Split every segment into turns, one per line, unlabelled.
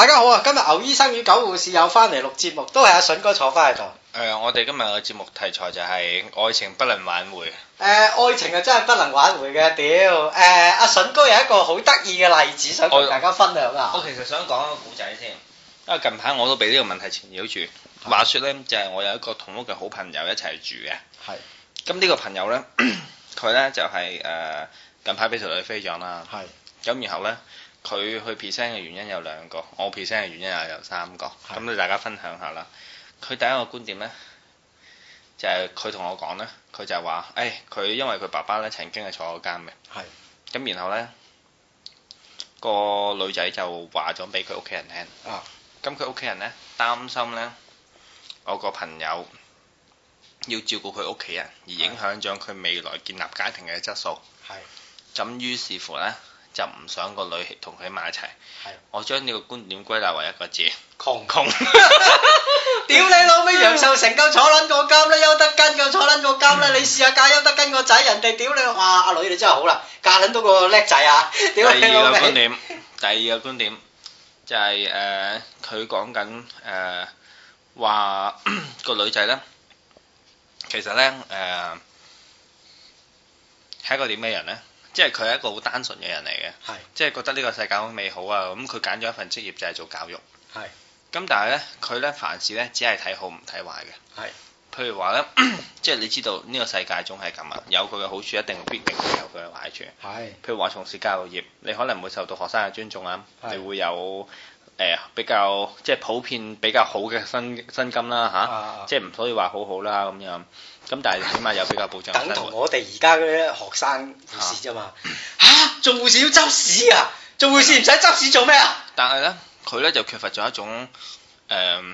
大家好啊！今日牛醫生與狗護士有翻嚟錄節目，都係阿筍哥坐翻嚟度。
誒、呃，我哋今日嘅節目題材就係愛情不能挽回。
誒、呃，愛情啊真係不能挽回嘅，屌！誒，阿筍哥有一個好得意嘅例子想同大家分享啊。我，嗎我其實想講一個故仔先，
因為近排我都俾呢個問題纏繞住。是話說呢，就係、是、我有一個同屋嘅好朋友一齊住嘅。係是。咁呢個朋友呢，佢呢就係、是、誒、呃、近排俾條女飛咗啦。係是。咁然後呢？佢去 present 嘅原因有兩個，我 present 嘅原因又有三個，咁你的大家分享下啦。佢第一個觀點呢，就係佢同我講咧，佢就話，誒、哎，佢因為佢爸爸咧曾經係坐過監嘅，咁的然後呢，那個女仔就話咗俾佢屋企人聽，咁佢屋企人呢，擔心呢，我個朋友要照顧佢屋企人，而影響咗佢未來建立家庭嘅質素。咁的於是乎呢。就唔想個女同佢埋一齊，的我將呢個觀點歸納為一個字：窮窮。
屌你老味，楊受成夠坐捻個監啦，邱德根夠坐捻個監啦，你試下嫁邱德根個仔，人哋屌你！哇，阿女你真係好啦，嫁捻到個叻仔啊！ 第二個觀
點，第二個觀點就係佢講緊誒話個女仔咧，其實呢，誒係一個點咩人呢？即係佢係一個好單純嘅人嚟嘅，是即係覺得呢個世界好美好啊！咁佢揀咗一份職業就係做教育，咁是但係呢，佢呢，凡事呢，只係睇好唔睇壞嘅，是譬如話呢，即係你知道呢、呢個世界總係咁啊，有佢嘅好處一定必定會有佢嘅壞處，是譬如話從事教育業，你可能會受到學生嘅尊重啊，是你會有。誒、哎、比較即係普遍比較好嘅薪薪金啦嚇，啊啊、即係唔可以話好好啦咁樣，
咁但係起碼有比較保障。等同我哋而家嗰啲學生護士啫嘛，嚇做護士要執屎啊！做護士唔使執屎做咩啊？啊但係咧，
佢咧就缺乏咗一種誒，即、呃、係、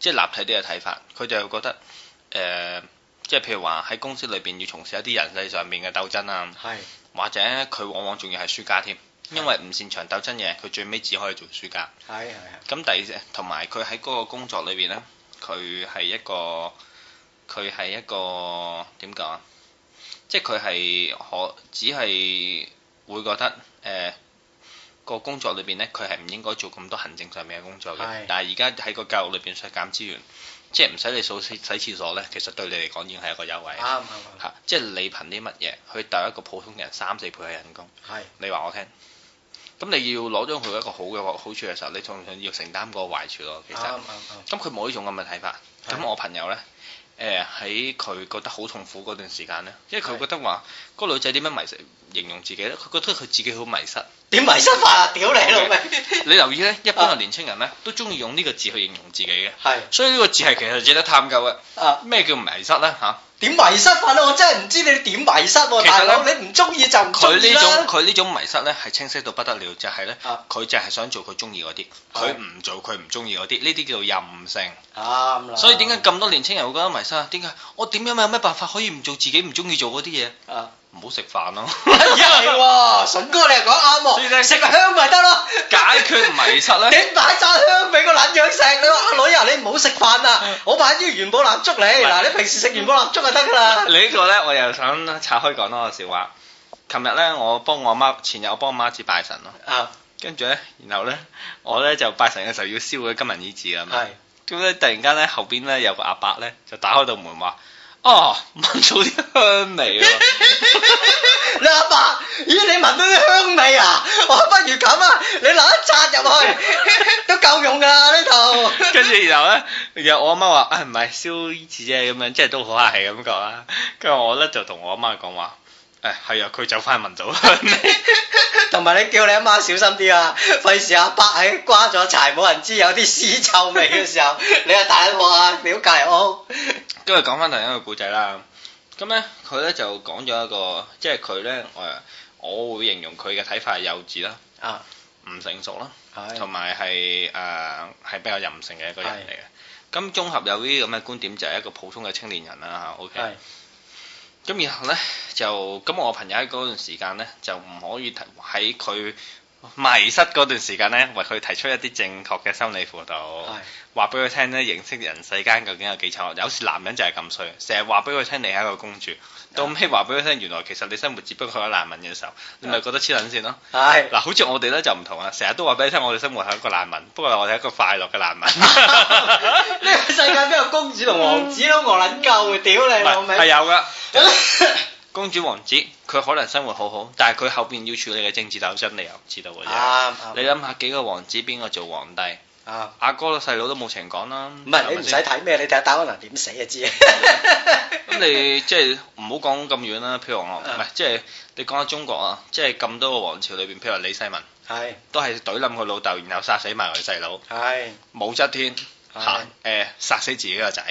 就是、立體啲嘅睇法。佢就會覺得誒，即、呃、係、就是、譬如話喺公司裏邊要從事一啲人際上面嘅鬥爭啊，是或者佢往往仲要係輸家添。因為唔擅長鬥真嘢，佢最尾只可以做書架。係
係的。
咁第二同埋佢喺嗰個工作裏邊咧，佢係一個佢係一個點講、啊？即係佢係可只係會覺得誒、呃這個工作裏邊咧，佢係唔應該做咁多行政上面嘅工作嘅。的但係而家喺個教育裏邊削減資源，即係唔使你掃洗廁所咧，其實對你嚟講已經係一個優惠。啱啱。即係你憑啲乜嘢去鬥一個普通人三四倍嘅人工？係的。你話我聽。咁你要攞咗佢一個好嘅好處嘅時候，你仲要承擔個壞處咯。其實咁佢冇呢種咁嘅睇法。咁的我朋友咧，誒喺佢覺得好痛苦嗰段時間咧，因為佢覺得話的個女仔點樣迷形容自己咧，佢覺得佢自己好迷失。點迷失法啊？屌你老味！你留意呢，一般嘅年青人呢，都中意用呢個字去形容自己嘅。係。所以呢個字係其實值得探究嘅。啊。咩叫迷失呢？嚇？
點迷失法呢？我真係唔知你點迷失喎，大佬！你唔中意就唔中意啦。佢呢種
佢呢種迷失呢，係清晰到不得了，就係呢。佢就係想做佢中意嗰啲，佢唔做佢唔中意嗰啲，呢啲叫做任性。
啱啦。所以點
解咁多年青人會覺得迷失？點解我點樣有咩辦法可以唔做自己唔中意做嗰啲嘢？啊。啊。唔好食飯咯，係
喎，笋哥你又講啱喎，食果香咪得
咯，解決迷
失咧，整百炸香俾個懶樣食你話，阿女啊，你唔好食飯啊，我擺啲元寶蠟燭你，嗱是你平時食元寶
蠟燭就得噶啦，你 呢個咧我又想拆開講多個笑話，琴日咧我幫我阿媽，前日我幫我阿媽子拜神咯，啊，跟住咧，然後咧，我咧就拜神嘅時候要燒嗰金銀衣紙噶嘛，係，咁咧突然間咧後邊咧有個阿伯咧就打開度門話。哦，聞到啲香味啊 ！
你阿伯，咦你聞到啲香味啊？我不如咁啊，你留一紮入去，都夠用噶啦呢度。
跟住 然後咧，然後我阿媽話，誒唔係燒紙啫咁樣，即係都好客氣咁講啦。呢跟住我咧就同我阿媽講話，誒係啊，佢走翻去聞到香味，
同 埋你叫你阿媽，媽小心啲啊，費事阿伯喺瓜咗柴冇人知有啲屎臭味嘅時候，你又大粒話表介我。你
今日講翻第一個故仔啦，咁咧佢咧就講咗一個，即係佢咧誒，我會形容佢嘅睇法係幼稚啦，啊、哦，唔、呃、成熟啦，同埋係誒係比較任性嘅一個人嚟嘅。咁綜是合有呢啲咁嘅觀點，就係一個普通嘅青年人啦嚇。O、啊、K。咁、okay？是然後咧就，咁我朋友喺嗰段時間咧就唔可以提喺佢。迷失嗰段時間呢，為佢提出一啲正確嘅心理輔導，話俾佢聽呢：認識人世間究竟有幾醜。有時男人就係咁衰，成日話俾佢聽你係一個公主，到尾話俾佢聽原來其實你生活只不過係一個難民嘅時候，你咪覺得黐撚線咯。係嗱的，好似我哋呢就唔同啊，成日都話俾你聽我哋生活係一個難民，不過我哋係一個快樂嘅難民。
呢 個世界邊有公主同王子攞我撚夠嘅？屌 你老味！係有
㗎。 公主王子，佢可能生活好好，但係佢後邊要處理嘅政治鬥爭，你又唔知道嘅、啊。啊啊、你諗下幾個王子邊個做皇帝？阿、啊啊、哥嘅細佬都冇情講啦。唔係你唔使睇
咩，啊、你睇下戴安娜點死就知、啊。
咁 你即係唔好講咁遠啦。譬如我唔係即係你講下中國啊，即係咁多個王朝裏邊，譬如李世民，係、啊、都係懟冧佢老豆，然後殺死埋佢細佬，係、啊、是武則天。吓！誒，殺死自己個仔。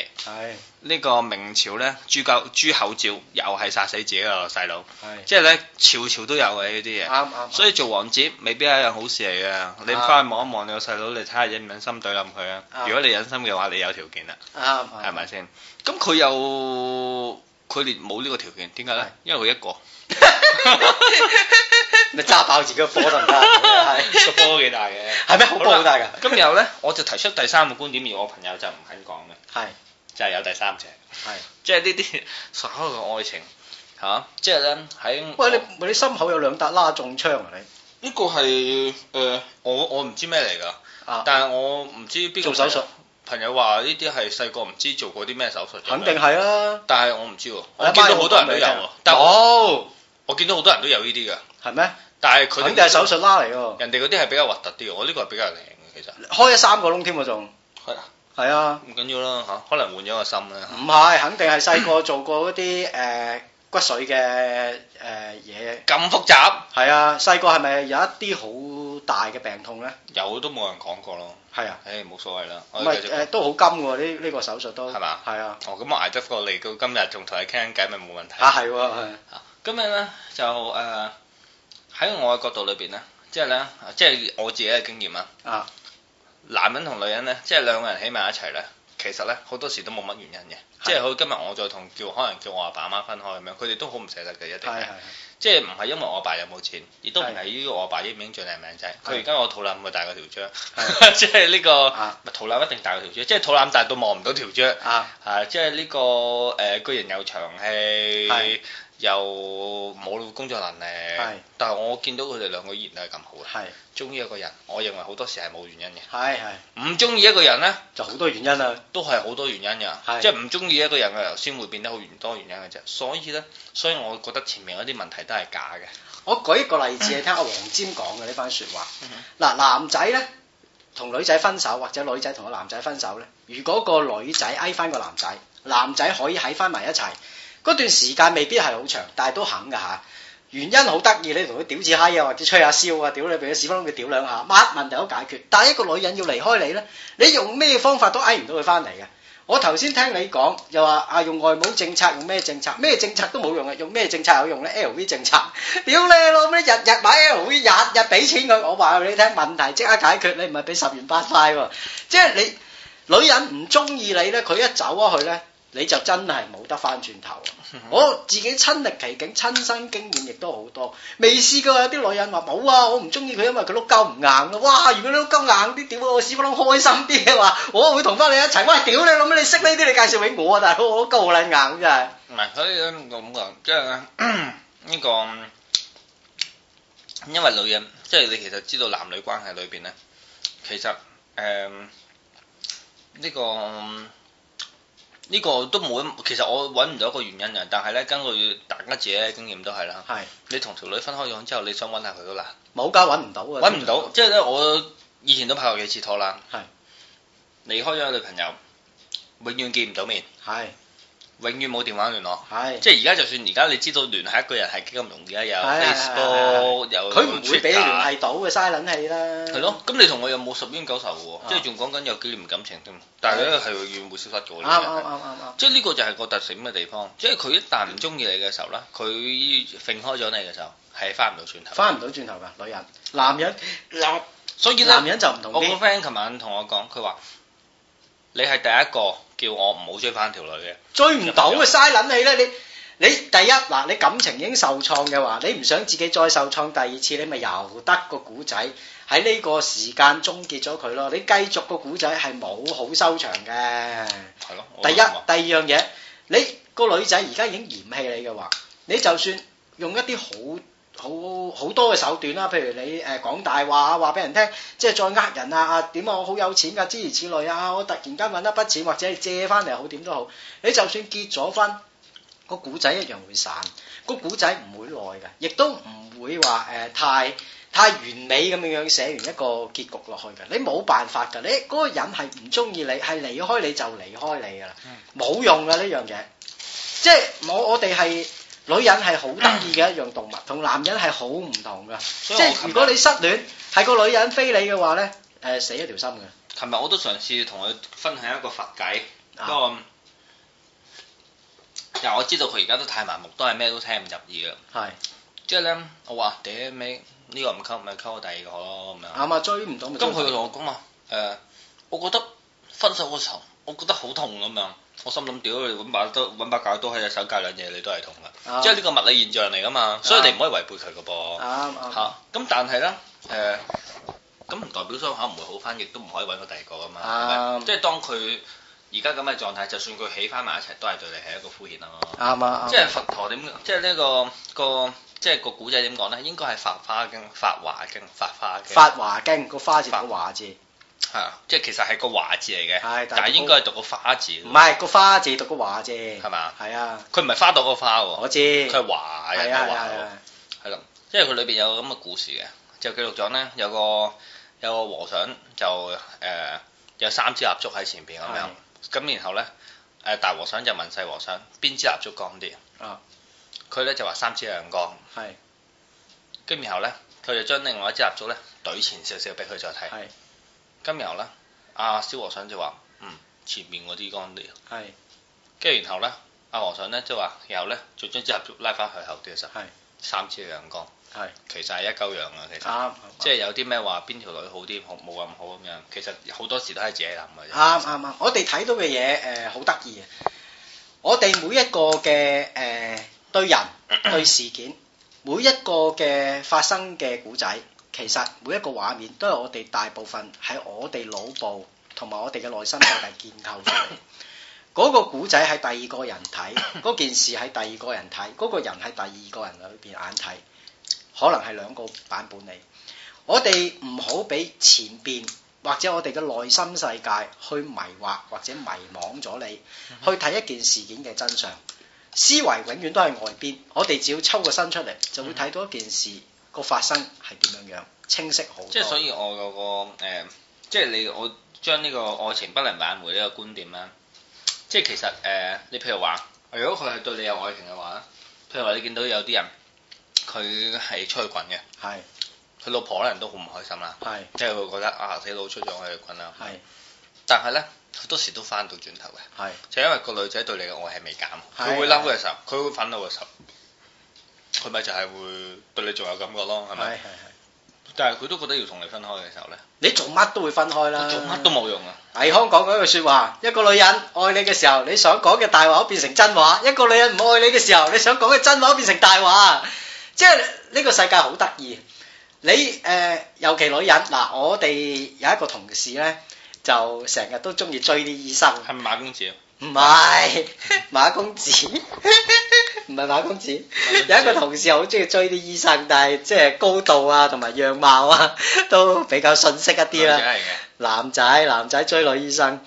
呢個明朝咧朱高朱厚照，又係殺死自己個細佬，即係咧朝朝都有嘅呢啲嘢，所以做王子未必係一件好事嚟嘅。你翻去望一望你個細佬，你睇下忍唔忍心懟冧佢啊？如果你忍心嘅話，你有條件啦，
係咪先？咁
佢又佢哋冇呢個條件，點解咧？因為佢一個，你炸爆自己個火都唔得。個波都幾大嘅，係咩？好波好大㗎。咁然後咧，我就提出第三個觀點，而我朋友就唔肯講嘅。係，就係有第三者。係，即係呢啲所有嘅愛情嚇，即係咧喺。餵你，你心
口有兩笪啦，中槍啊！你
呢個係誒，我我唔知咩嚟㗎。但係我唔知邊個做手術。朋友話呢啲係細個唔知做過啲咩手術。肯定係啊，但係我唔知喎。我見到好多人都有。有。我見到好多人都有呢啲㗎。係咩？但係佢肯定係手術啦。嚟喎，人哋嗰啲係比較核突啲，我呢個係比較靚嘅其實。
開咗三個窿添啊仲。
係啊。係啊。唔緊要啦嚇，可能換咗個心啦。唔
係，肯定係細個做過嗰啲誒骨髓嘅誒嘢。咁複雜？係啊，細個係咪有一啲好大嘅病痛咧？
有都冇人講過咯。係啊。誒冇所謂啦。唔係誒，
都好金喎呢呢個手術都。係嘛？係啊。哦，咁捱
得過嚟到今日仲同你傾緊偈咪冇問題。啊，係
喎。嚇，
今日咧就誒。喺我嘅角度裏面咧，即係咧，即係我自己嘅經驗啊！啊男人同女人咧，即係兩個人喺埋一齊咧，其實咧好多時都冇乜原因嘅。係即係佢今日我再同叫可能叫我阿爸阿媽分開咁樣，佢哋都好唔捨得嘅一定。係係即係唔係因為我阿爸有冇錢，亦都唔係依個我阿爸已經最靚仔。佢而家我肚腩會大過條蕉，即係呢個肚腩一定大過條蕉，即係肚腩大到望唔到條蕉。啊，啊，係即係呢個誒，個人又長氣又冇工作能力，是但係我見到佢哋兩個依然都係咁好嘅。中意是一個人，我認為好多時係冇原因嘅。係係唔中意一個人呢，就好多原因啦，都係好多原因㗎。是即係唔中意一個人嘅，先會變得好多原因嘅啫。所以呢，所以我覺得前面嗰啲問題都係假嘅。
我舉一個例子嚟 聽阿黃尖講嘅呢番説話。嗱， 男仔呢，同女仔分手，或者女仔同個男仔分手呢，如果個女仔挨翻個男仔，男仔可以喺翻埋一齊。嗰段時間未必係好長，但係都肯㗎吓。原因好得意，你同佢屌字嗨啊，或者吹下簫啊，屌你俾佢屎忽窿佢屌兩下，乜問題都解決。但係一個女人要離開你咧，你用咩方法都嗌唔到佢翻嚟嘅。我頭先聽你講，又話啊用外母政策，用咩政策？咩政策都冇用嘅，用咩政策有用咧？LV 政策，屌你老咩！日日買 LV，日日俾錢佢。我話你聽，問題即刻解決。你唔係俾十元八塊喎，即係你女人唔中意你咧，佢一走咗開咧。你就真係冇得翻轉頭，嗯、哼我自己親歷其境，親身經驗亦都好多，未試過有啲女人話冇啊，我唔中意佢，因為佢碌鳩唔硬。啊。」哇！如果你碌鳩硬啲，屌我屎忽窿開心啲嘅話我會同翻你一齊。喂！屌你，諗你識呢啲？你介紹俾我啊！大佬，我碌鳩好靚硬㗎，真係。
唔係，所以咧咁啊，即係咧呢個、嗯，因為女人，即係你其實知道男女關係裏邊咧，其實誒呢、嗯這個。嗯呢個都冇，其實我揾唔到一個原因嘅，但係咧，根據大家自己嘅經驗都係啦。係是，你同條女分開咗之後，你想揾下佢都難。
冇家揾唔到啊。揾唔到。
即係咧，我以前都拍過幾次拖啦。係是，離開咗女朋友，永遠見唔到面。係。永遠冇電話聯絡，係的，即係而家就算而家你知道聯繫一個人係幾咁容易啊，有 Facebook，有，佢唔會俾你聯繫
到嘅，嘥撚氣啦。係
咯，咁你同我又冇十冤九仇喎，即係仲講緊有幾年感情添，但係咧係永遠會消失嘅。啱啱啱啱啱，啊啊啊、即係呢個就係個特性嘅地方，即係佢一旦唔中意你嘅時候咧，佢甩開咗你嘅時候，係翻唔到轉頭。
翻唔到轉頭噶，女人，
男人男，所以男人就唔同。我個 friend 琴晚同我講，佢話你係第一個。叫我唔好追翻條女嘅，
追唔到啊！嘥撚氣啦，你你第一嗱，你感情已經受創嘅話，你唔想自己再受創第二次，你咪由得個古仔喺呢個時間終結咗佢咯。你繼續個古仔係冇好收場嘅。係咯，第一第二樣嘢，你個女仔而家已經嫌棄你嘅話，你就算用一啲好。好好多嘅手段啦，譬如你誒、呃、講大話話俾人聽，即係再呃人啊？點啊，啊，我好有錢噶、啊，諸如此類啊！我突然間揾一筆錢，或者係借翻嚟好點都好。你就算結咗婚，個古仔一樣會散，個古仔唔會耐嘅，亦都唔會話誒、呃、太太完美咁樣樣寫完一個結局落去嘅。你冇辦法㗎，你嗰個人係唔中意你，係離開你就離開你㗎啦，冇用㗎呢樣嘢。即係我我哋係。女人係好得意嘅一樣動物，同男人係好唔同嘅。所以即係如果你失戀係個女人飛你嘅話咧，誒、呃、死一條心嘅。
琴日我都嘗試同佢分享一個佛偈，不過但係、啊、我知道佢而家都太麻木，都係咩都聽唔入耳嘅。係是，即係咧，我話屌你呢個唔溝，咪溝第二個咯咁樣。啱
啊，追唔到。咁佢同我講
啊，誒，我覺得分手嘅時候，我覺得好痛咁樣。我心諗屌，你搵把刀搵把架刀喺隻手夾兩嘢，你都係痛啦。即係呢個物理現象嚟噶嘛，所以你唔可以違背佢噶噃。啱啱嚇咁，但係咧誒，咁唔代表傷口唔會好翻，亦都唔可以揾到第二個啊嘛。即係當佢而家咁嘅狀態，就算佢起翻埋一齊，都係對你係一個敷衍咯。
啱啊！即係佛
陀點？即係呢個個即係個古仔點講咧？應該係《法花經》《法華經》《法花經》《法華
經》個花字同華字。
係，即係其實係個華字嚟嘅，但係應該係讀個花字，唔係
個花字讀個華字，係嘛？係啊，
佢唔係花朵個花喎，我知，佢係華嘅啊，華咯，係咁，因為佢裏邊有咁嘅故事嘅，就記錄咗呢，有個有個和尚就誒有三支蠟燭喺前邊咁樣，咁然後呢，誒大和尚就問細和尚邊支蠟燭光啲，啊，佢呢就話三支亮光，係，跟然後呢，佢就將另外一支蠟燭呢，懟前少少俾佢再睇，今日啦，阿蕭、啊、和尚就話：嗯，前面嗰啲乾啲，係是，跟住然後咧，阿、啊、和尚咧即係話，然後咧就將隻盒拉翻去後端實，係、就是、三次陽光，係是，其實係一嚿陽啊，其實，啱、啊，啊啊、即係有啲咩話邊條女好啲，冇冇咁好咁樣，其實好多時都係自己諗嘅。
啱啱啱，我哋睇到嘅嘢誒，好得意啊！我哋、呃、每一個嘅誒、呃、對人對事件每一個嘅發生嘅古仔。其實每一個畫面都係我哋大部分喺我哋腦部同埋我哋嘅內心世界建構出嚟。嗰個古仔喺第二個人睇，嗰 件事喺第二個人睇，嗰、那個人喺第二個人裏邊眼睇，可能係兩個版本你。我哋唔好俾前邊或者我哋嘅內心世界去迷惑或者迷惘咗你，去睇一件事件嘅真相。思維永遠都係外邊，我哋只要抽個身出嚟，就會睇到一件事。個發生係點樣樣清晰好多，即係所
以我嗰個誒、呃，即係你我將呢個愛情不能挽回呢個觀點啦，即係其實誒、呃，你譬如話，如果佢係對你有愛情嘅話，譬如話你見到有啲人，佢係出去滾嘅，係是，佢老婆可能都好唔開心啦，係是，即係會覺得啊死佬出咗去滾啦，係是，但係咧好多時都翻到轉頭嘅，係是，就因為個女仔對你嘅愛係未減，佢是會嬲嘅時候，佢會憤怒嘅時候。佢咪就係會對你仲有感覺咯，係咪？是是是，但係佢都覺得要同你分開嘅時候呢，
你做乜都會分開啦。做乜都冇用啊！倪康講過一句説話：一個女人愛你嘅時候，你想講嘅大話變成真話；一個女人唔愛你嘅時候，你想講嘅真話變成大話。即係呢、這個世界好得意。你誒、呃，尤其女人嗱，我哋有一個同事呢，就成日都中意追啲醫生。係咪馬公子？唔係、啊、馬公子，唔 係馬公子。公子有一個同事好中意追啲醫生，但係即係高度啊，同埋樣貌啊，都比較遜色一啲啦。男仔男仔追女醫生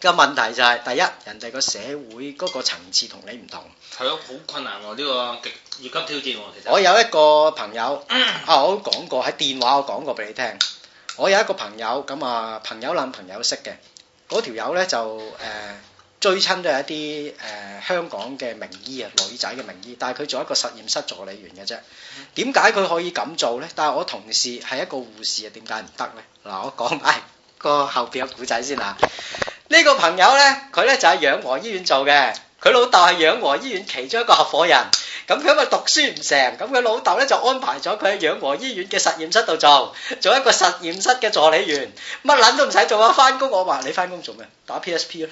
嘅問題就係、是、第一，人哋個社會嗰個層次同你唔同，
係咯、啊，好困難喎、啊、呢、呢個極越級挑戰、啊、其實我
有一個朋友、嗯、啊，我講過喺電話，我講過俾你聽。我有一個朋友咁啊、嗯，朋友男朋友識嘅嗰條友呢就誒。呃呃追親都係一啲誒、呃、香港嘅名醫啊，女仔嘅名醫，但係佢做一個實驗室助理員嘅啫。點解佢可以咁做咧？但係我同事係一個護士啊，點解唔得咧？嗱、嗯，我講埋個後邊有故仔先啊。呢、呢個朋友咧，佢咧就喺養和醫院做嘅，佢老豆係養和醫院其中一個合夥人。咁佢因為讀書唔成，咁佢老豆咧就安排咗佢喺養和醫院嘅實驗室度做，做一個實驗室嘅助理員，乜捻都唔使做啊！翻工我話你翻工做咩？打 P S P S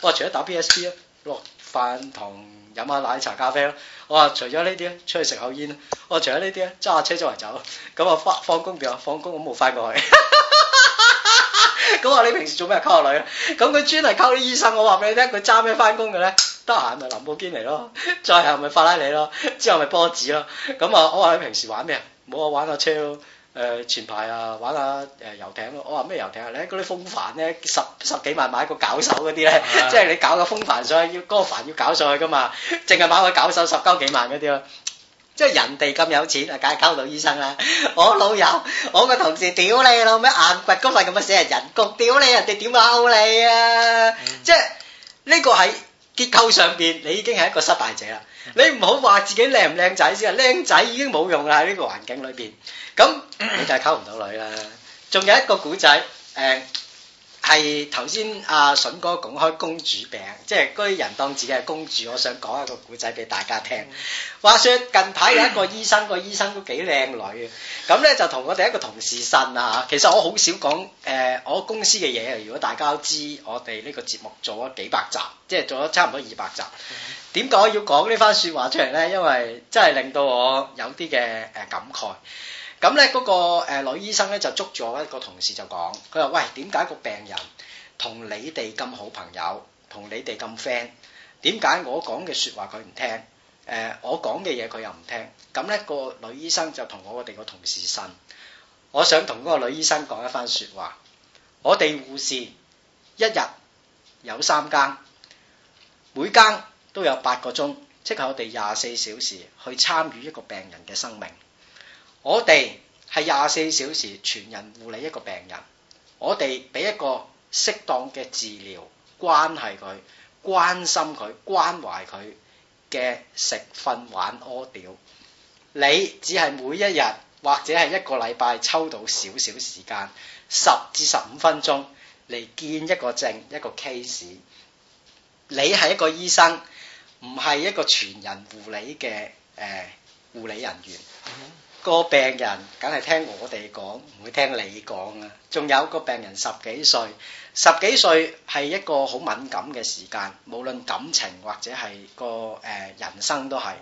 P 咯，我話除咗打 P S P 咯，落飯堂飲下奶茶咖啡咯，我話除咗呢啲啊，出去食口煙啊。我話除咗呢啲啊，揸下車周圍走，咁啊放放工變啊放工，我冇翻過去，咁 我你平時做咩溝女？啊？咁佢專係溝啲醫生，我話俾你聽，佢揸咩翻工嘅咧？得閒咪林寶堅尼咯，再係咪法拉利咯，之後咪波子咯。咁啊，我話你平時玩咩啊？冇啊，玩下車咯。誒，前排啊，玩下誒遊艇咯。我話咩遊艇啊？你嗰啲風帆咧，十十幾萬買個搞手嗰啲咧，即係你搞個風帆上去，要嗰個帆要搞上去噶嘛？淨係買個搞手十幾萬嗰啲咯。即係人哋咁有錢，梗係搞到醫生啦。我老友，我個同事屌你老咩？硬掘骨塊咁樣死人，人局屌你，人哋點拗你啊？即係呢個係。結構上邊你已經係一個失敗者啦。你唔好話自己靚唔靚仔先，啊。靚仔已經冇用啦喺呢個環境裏邊，咁你就溝唔到女啦。仲有一個古仔，誒、呃。係頭先阿筍哥講開公主病，即係嗰啲人當自己係公主。我想講一個故仔俾大家聽。話説近排有一個醫生， 個醫生都幾靚女。咁咧就同我哋一個同事呻啊。其實我好少講誒、呃、我公司嘅嘢。如果大家知我哋呢個節目做咗幾百集，即係做咗差唔多二百集。點解我要講呢番説話出嚟咧？因為真係令到我有啲嘅誒感慨。咁咧，嗰個女醫生咧就捉住我一個同事就講，佢話：喂，點解個病人同你哋咁好朋友，同你哋咁 friend？點解我講嘅説話佢唔聽？誒，我講嘅嘢佢又唔聽？咁咧，個女醫生就同我哋個同事呻。我想同嗰個女醫生講一番説話。我哋護士一日有三更，每更都有八個鐘，即係我哋廿四小時去參與一個病人嘅生命。我哋係廿四小時全人護理一個病人，我哋俾一個適當嘅治療，關係佢、關心佢、關懷佢嘅食、瞓、玩、屙、屌。你只係每一日或者係一個禮拜抽到少少時間，十至十五分鐘嚟見一個症，一個 case。你係一個醫生，唔係一個全人護理嘅誒護理人員。個病人梗係聽我哋講，唔會聽你講啊！仲有個病人十幾歲，十幾歲係一個好敏感嘅時間，無論感情或者係個誒、呃、人生都係。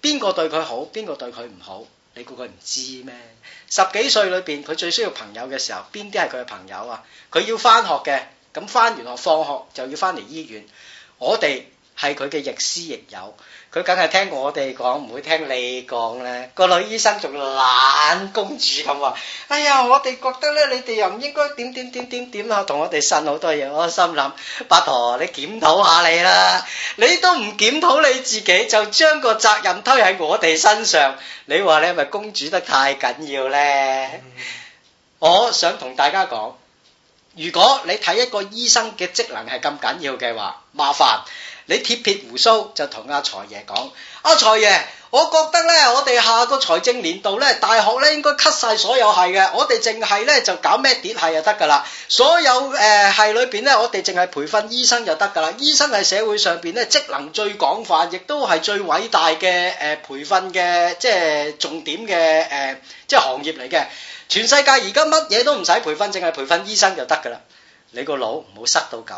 邊個對佢好，邊個對佢唔好，你估佢唔知咩？十幾歲裏邊，佢最需要朋友嘅時候，邊啲係佢嘅朋友啊？佢要翻學嘅，咁翻完學放學就要翻嚟醫院。我哋。係佢嘅亦師亦友，佢梗係聽我哋講，唔會聽你講咧。個女醫生仲懶公主咁話：哎呀，我哋覺得咧，你哋又唔應該點點點點點啦，同我哋呻好多嘢。我心諗，八婆，你檢討下你啦，你都唔檢討你自己，就將個責任推喺我哋身上。你話你係咪公主得太緊要咧？我想同大家講。如果你睇一個醫生嘅職能係咁緊要嘅話，麻煩你鐵撇鬍鬚就同阿財爺講，阿財爺。我覺得咧，我哋下個財政年度咧，大學咧應該 cut 晒所有系嘅，我哋淨係咧就搞咩碟系就得噶啦。所有誒、呃、系裏邊咧，我哋淨係培訓醫生就得噶啦。醫生係社會上邊咧職能最廣泛，亦都係最偉大嘅誒、呃、培訓嘅即係重點嘅誒、呃、即係行業嚟嘅。全世界而家乜嘢都唔使培訓，淨係培訓醫生就得噶啦。你個腦唔好塞到咁，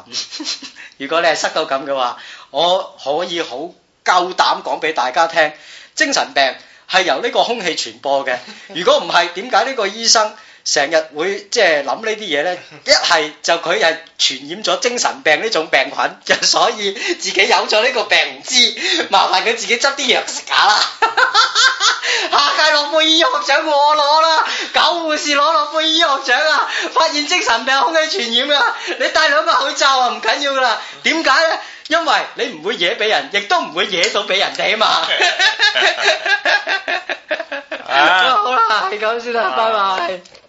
如果你係塞到咁嘅話，我可以好。夠膽講俾大家聽，精神病係由呢個空氣傳播嘅。如果唔係，點解呢個醫生成日會即係諗呢啲嘢呢？一係就佢係傳染咗精神病呢種病菌，就所以自己有咗呢個病唔知，麻煩佢自己執啲藥食下啦。下屆諾貝爾醫學獎我攞啦，狗護士攞諾貝爾醫學獎啊！發現精神病空氣傳染噶、啊，你戴兩個口罩啊，唔緊要噶啦。點解呢？因為你唔會惹俾人，亦都唔會惹到俾人哋啊嘛。啊，好啦，係咁先啦，拜拜。Bye.